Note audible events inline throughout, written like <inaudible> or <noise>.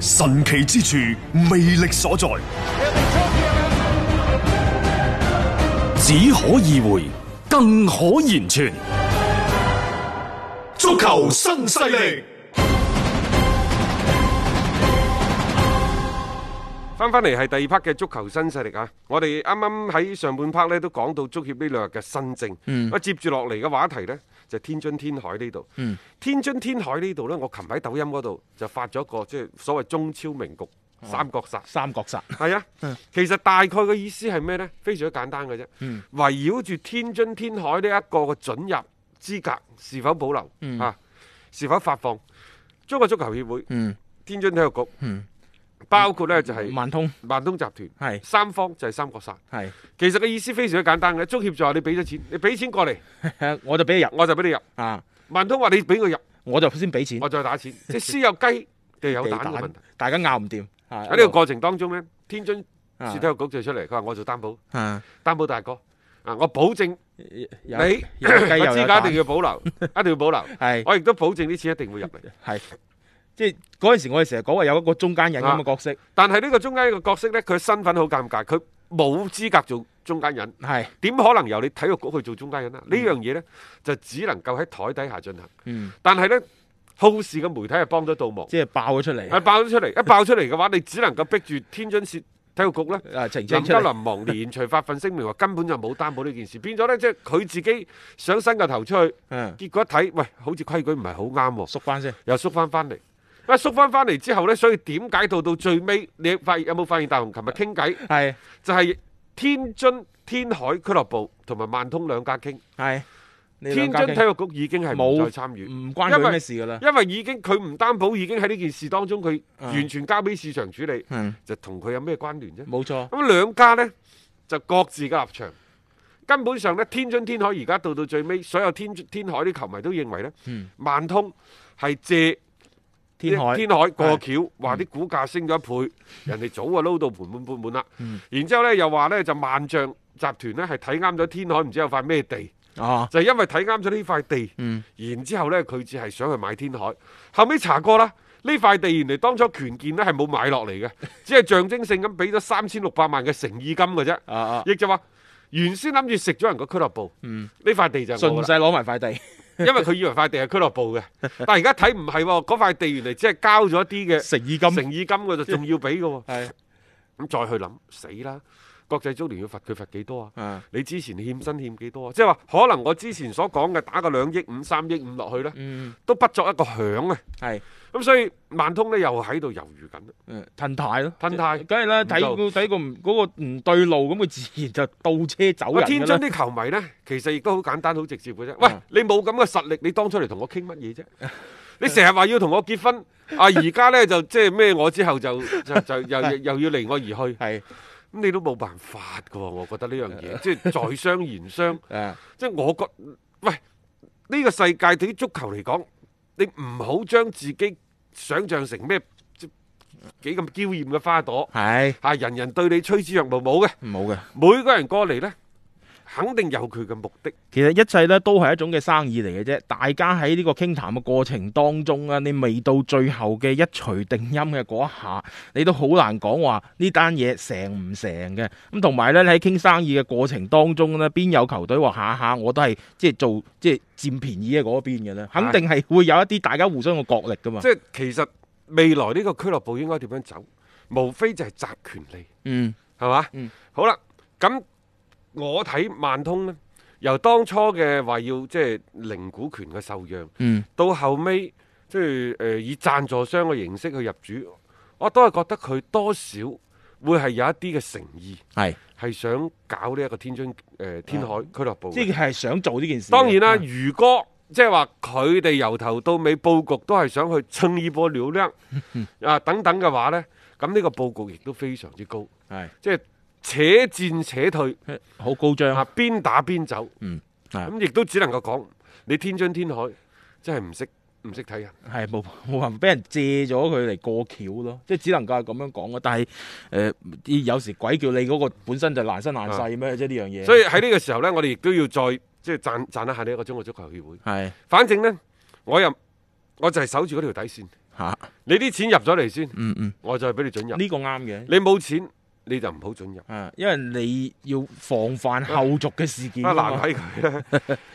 神奇之處，魅力所在，只可意會，更可言傳。足球新勢力，翻翻嚟係第二 part 嘅足球新勢力啊！我哋啱啱喺上半 part 咧都講到足協呢兩日嘅新政，嗯，接住落嚟嘅話題呢。就天津天海呢度，嗯、天津天海呢度呢，我琴喺抖音嗰度就發咗個即係、就是、所謂中超名局三國殺，三國殺，係、哦、啊， <laughs> 其實大概嘅意思係咩呢？非常之簡單嘅啫，圍繞住天津天海呢一個嘅准入資格是否保留嚇、嗯啊，是否發放中國足球協會、嗯、天津體育局。嗯包括咧就係萬通，萬通集團係三方就係三國殺係。其實個意思非常之簡單嘅，足協就話你俾咗錢，你俾錢過嚟，我就俾你入，我就俾你入啊。萬通話你俾佢入，我就先俾錢，我再打錢。即係先有雞，就有蛋嘅問題，大家拗唔掂。喺呢個過程當中咧，天津市體育局就出嚟，佢話我做擔保，擔保大哥啊，我保證你資格一定要保留，一定要保留，係我亦都保證啲錢一定會入嚟，係。即係嗰陣時，我哋成日講話有一個中間人咁嘅角色，但係呢個中間一個角色咧，佢身份好尷尬，佢冇資格做中間人，係點可能由你體育局去做中間人啊？呢樣嘢咧就只能夠喺台底下進行。嗯，但係咧，好事嘅媒體係幫咗倒忙，即係爆咗出嚟，係爆咗出嚟。一爆出嚟嘅話，你只能夠逼住天津市體育局咧，臨急臨忙連隨發份聲明話根本就冇擔保呢件事，變咗咧即係佢自己想伸個頭出去，嗯，結果一睇，喂，好似規矩唔係好啱喎，縮翻先，又縮翻翻嚟。啊，縮翻翻嚟之後咧，所以點解到到最尾，你發現有冇發現？大雄琴日傾偈，係就係天津天海俱樂部同埋萬通兩家傾，係天津體育局已經係唔再參與，唔關佢咩事噶啦。因為已經佢唔擔保，已經喺呢件事當中，佢完全交俾市場處理，就同佢有咩關聯啫？冇錯。咁兩家咧就各自嘅立場，根本上咧，天津天海而家到到最尾，所有天津天海啲球迷都認為咧，萬通係借。天海天海過橋，話啲股價升咗一倍，人哋早就撈到盆滿鉢滿啦。然之後咧又話呢，就萬象集團呢，係睇啱咗天海，唔知有塊咩地。哦，就係因為睇啱咗呢塊地。然之後咧，佢只係想去買天海。後尾查過啦，呢塊地原來當初權健呢係冇買落嚟嘅，只係象徵性咁俾咗三千六百萬嘅誠意金嘅啫。啊啊，亦就話原先諗住食咗人個俱樂部，呢塊地就順勢攞埋塊地。 <laughs> 因為佢以為塊地係俱樂部嘅，但係而家睇唔係喎，嗰塊地原來只係交咗啲嘅誠意金，誠意 <laughs> 金嘅就仲要俾嘅喎，咁 <laughs> 是的 再去諗死啦。國際足聯要罰佢罰幾多啊？你之前欠薪欠幾多啊？即係話可能我之前所講嘅打個兩億五三億五落去咧，都不作一個響啊！係咁，所以萬通咧又喺度猶豫緊，褪軚咯，褪軚，梗係啦，睇個睇個唔嗰個唔對路咁，佢自然就倒車走人。天津啲球迷咧，其實亦都好簡單好直接嘅啫。喂，你冇咁嘅實力，你當初嚟同我傾乜嘢啫？你成日話要同我結婚，啊而家咧就即係咩？我之後就就就又又要離我而去。係。咁你都冇辦法嘅喎，我覺得呢樣嘢即係在商言商，即係 <laughs> 我覺得，喂，呢、這個世界對於足球嚟講，你唔好將自己想像成咩幾咁嬌豔嘅花朵，係啊是，人人對你趨之若鶩冇嘅，冇嘅，每個人過嚟咧。肯定有佢嘅目的。其實一切咧都係一種嘅生意嚟嘅啫。大家喺呢個傾談嘅過程當中啊，你未到最後嘅一錘定音嘅嗰一下，你都好難講話呢單嘢成唔成嘅。咁同埋咧，你喺傾生意嘅過程當中咧，邊有球隊話下下我都係即係做即係佔便宜嘅嗰邊嘅咧？肯定係會有一啲大家互相嘅角力噶嘛。即係其實未來呢個俱樂部應該點樣走？無非就係集權利，嗯，係嘛吧？嗯，好啦，咁。我睇萬通咧，由當初嘅話要即係、就是、零股權嘅受讓，嗯、到後尾即係誒以贊助商嘅形式去入主，我都係覺得佢多少會係有一啲嘅誠意，係係是想搞呢一個天津誒、呃、天海俱樂部的、啊，即係想做呢件事。當然啦，如果即係話佢哋由頭到尾佈局都係想去蹭一波流量啊等等嘅話咧，咁呢個佈局亦都非常之高，係即係。且戰且退，好高漲啊！邊打邊走，嗯，咁亦都只能夠講你天津天海，真係唔識唔識睇啊！係冇冇話俾人借咗佢嚟過橋咯，即係只能夠係咁樣講啊！但係誒，有時鬼叫你嗰個本身就爛身爛世咩？即係呢樣嘢。所以喺呢個時候咧，我哋亦都要再即係贊贊一下呢一個中國足球協會。係，反正咧，我又我就係守住嗰條底線嚇，你啲錢入咗嚟先，嗯嗯，我就係俾你准入。呢個啱嘅，你冇錢。你就唔好進入，因為你要防範後續嘅事件。難為佢啦，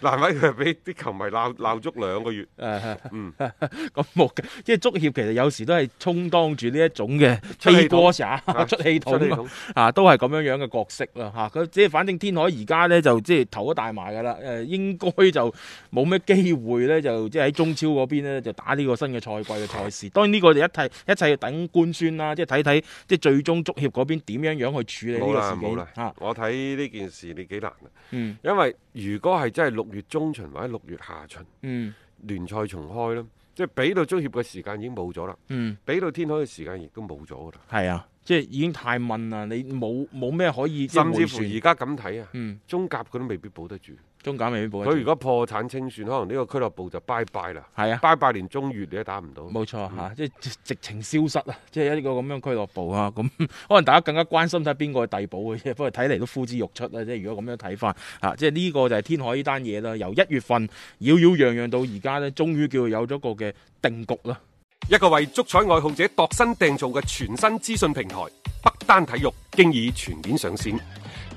難為佢俾啲球迷鬧鬧足兩個月。嗯，咁冇嘅，即係足協其實有時都係充當住呢一種嘅出氣波、出氣筒啊，都係咁樣樣嘅角色啦嚇。咁即係反正天海而家咧就即係頭都大埋㗎啦，誒應該就冇咩機會咧就即係喺中超嗰邊咧就打呢個新嘅賽季嘅賽事。當然呢個就一切一切要等官宣啦，即係睇睇即係最終足協嗰邊點。點樣樣去處理呢個事件？冇啦冇啦，啊、我睇呢件事你幾難啊！嗯、因為如果係真係六月中旬或者六月下旬，嗯、聯賽重開咧，即係俾到足協嘅時間已經冇咗啦。嗯，俾到天海嘅時間亦都冇咗噶啦。係啊，即係已經太慢啦，你冇冇咩可以？甚至乎而家咁睇啊，嗯、中甲佢都未必保得住。中甲未必保，佢如果破產清算，可能呢個俱樂部就拜拜啦。係啊，拜拜連中乙你都打唔到。冇錯嚇、嗯啊，即係直情消失啊！即係一個咁樣俱樂部啊，咁可能大家更加關心睇邊個遞補嘅啫。不過睇嚟都呼之欲出如果這樣看啊！即係如果咁樣睇翻嚇，即係呢個就係天海呢單嘢啦。由一月份擾擾攘攘到而家咧，終於叫有咗個嘅定局啦。一個為足彩愛好者度身訂造嘅全新資訊平台北單體育，經已全面上線。